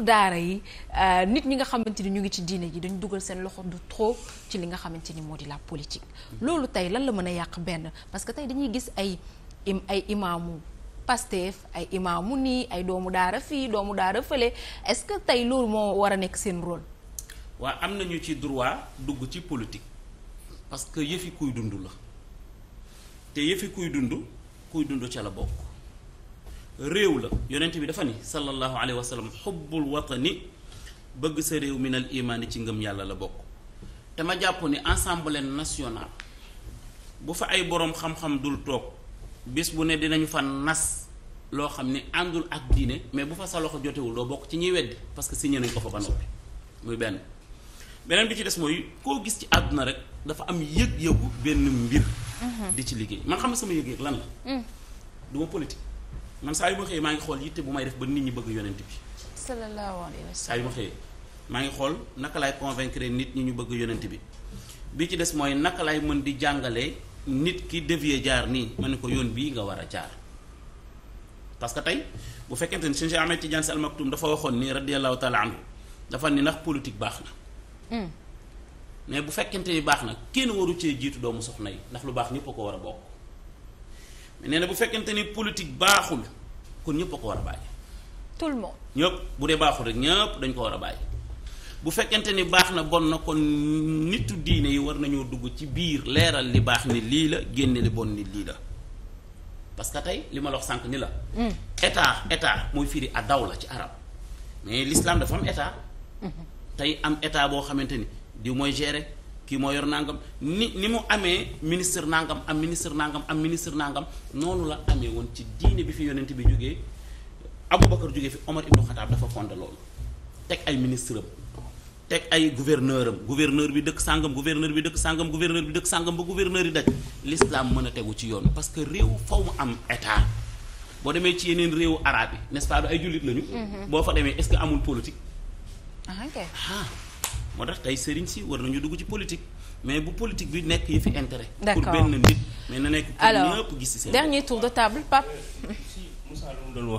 daara yi euh, nit ñi nga xamante ni ñu ngi ci diine ji dañu dugal seen loxo du trop ci li nga xamante ni moo di la politique mm-hmm. loolu tey lan la mën a yàq benn parce que tey dañuy gis ay im ay imaamu Pastef ay imaamu nii ay doomu daara fii doomu daara fële est-ce que tey loolu moo war a nekk seen rôle waa am na ñu ci droit dugg ci politique parce que yëfi kuy dund la te yëfi kuy dund kuy dund ca la bokk réew la yonent bi dafa ni sallallahu alayhi wa sallam xubbul watani bëgg sa réew minal imaani ci ngëm yàlla la bokk te ma jàpp ni assemblée nationale bu fa ay boroom xam-xam dul toog bis bu ne dinañu fa nas loo xam ne àndul ak diine mais bu fa sa loxo jotewul doo bokk ci ñuy weddi parce que signé nañ ko fa ba bi muy benn beneen bi ci des mooy koo gis ci àdduna rek dafa am yëg-yëgu benn mbir mhm. di ci liggéey man xam ne sama yëg-yëg lan la mm. du ma man saa yu ma xëyee maa ngi xool yitte bu may def ba nit ñi bëgg yonent bi. sallallahu alayhi wa sallam saa yu ma xëyee maa ngi xool naka lay convaincre nit ñi ñu bëgg yonent bi bii ci des mooy naka lay mën di jàngalee nit ki dévier jaar nii ma ne ko yoon bii nga war a jaar. parce que tey bu fekkente ni su Ahmed Tidiane Sy Al Maktoum dafa waxoon ni radiyallahu taala anhu dafa ni nax politique baax na. Hmm. mais bu fekkente ni baax na kenn waru cee jiitu doomu soxna yi ndax lu baax ñëpp ko war a bokk. mais nee na bu fekkente ni politique baaxul kon ñëpp a ko war a bàyyi. tout le monde ñëpp bu dee baaxul rek ñëpp dañ ko war a bàyyi. bu fekkente ni baax na bon na kon nit diine yi war nañoo dugg ci biir leeral li baax ni lii la génne li bon nit lii la parce que tey li ma la wax ni la. Mm. état état mooy firi adaw la ci arab mais l'islam dafa am état. Mm-hmm. tey am état boo xamante ni di mooy gérer. kii moo yor nangam ni ni mu amee ministre nangam am ministre nangam am ministre nangam noonu la amee woon ci diine bi fi yonent bi jógee Aboubacar jógee fi Omar Ibn Khattab dafa fondé loolu teg ay ministre am teg ay gouverneur am gouverneur bi dëkk sàngam gouverneur bi dëkk sàngam gouverneur bi dëkk sàngam ba gouverneur yi daj l'islam mën a tegu ci yoon parce que réew faw mu am état boo demee ci yeneen réewu arabe yi n'est-ce pas du ay jullit lañu. Mm-hmm. boo fa demee est amul politique. Ah, ah. moo tax tey sëriñ si war nañu dugg ci politique mais bu politique bi nekk yi fi intérêt. pour benn nit mais na nekk pour ñëpp gis. alors dernier tour de table Pape. si Moussa lu mu doon